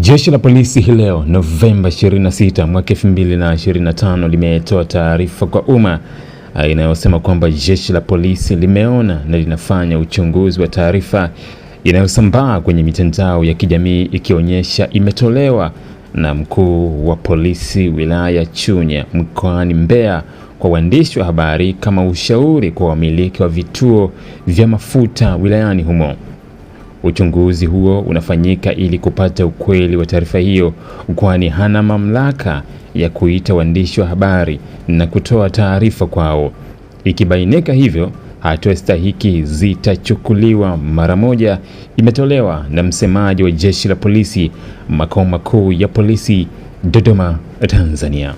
Jeshi la polisi hii leo Novemba 26 mwaka 2025 limetoa taarifa kwa umma ah, inayosema kwamba jeshi la polisi limeona na linafanya uchunguzi wa taarifa inayosambaa kwenye mitandao ya kijamii ikionyesha imetolewa na mkuu wa polisi wilaya Chunya mkoani Mbeya kwa waandishi wa habari kama ushauri kwa wamiliki wa vituo vya mafuta wilayani humo. Uchunguzi huo unafanyika ili kupata ukweli wa taarifa hiyo, kwani hana mamlaka ya kuita waandishi wa habari na kutoa taarifa kwao. Ikibainika hivyo, hatua stahiki zitachukuliwa mara moja, imetolewa na msemaji wa Jeshi la Polisi, makao makuu ya polisi Dodoma, Tanzania.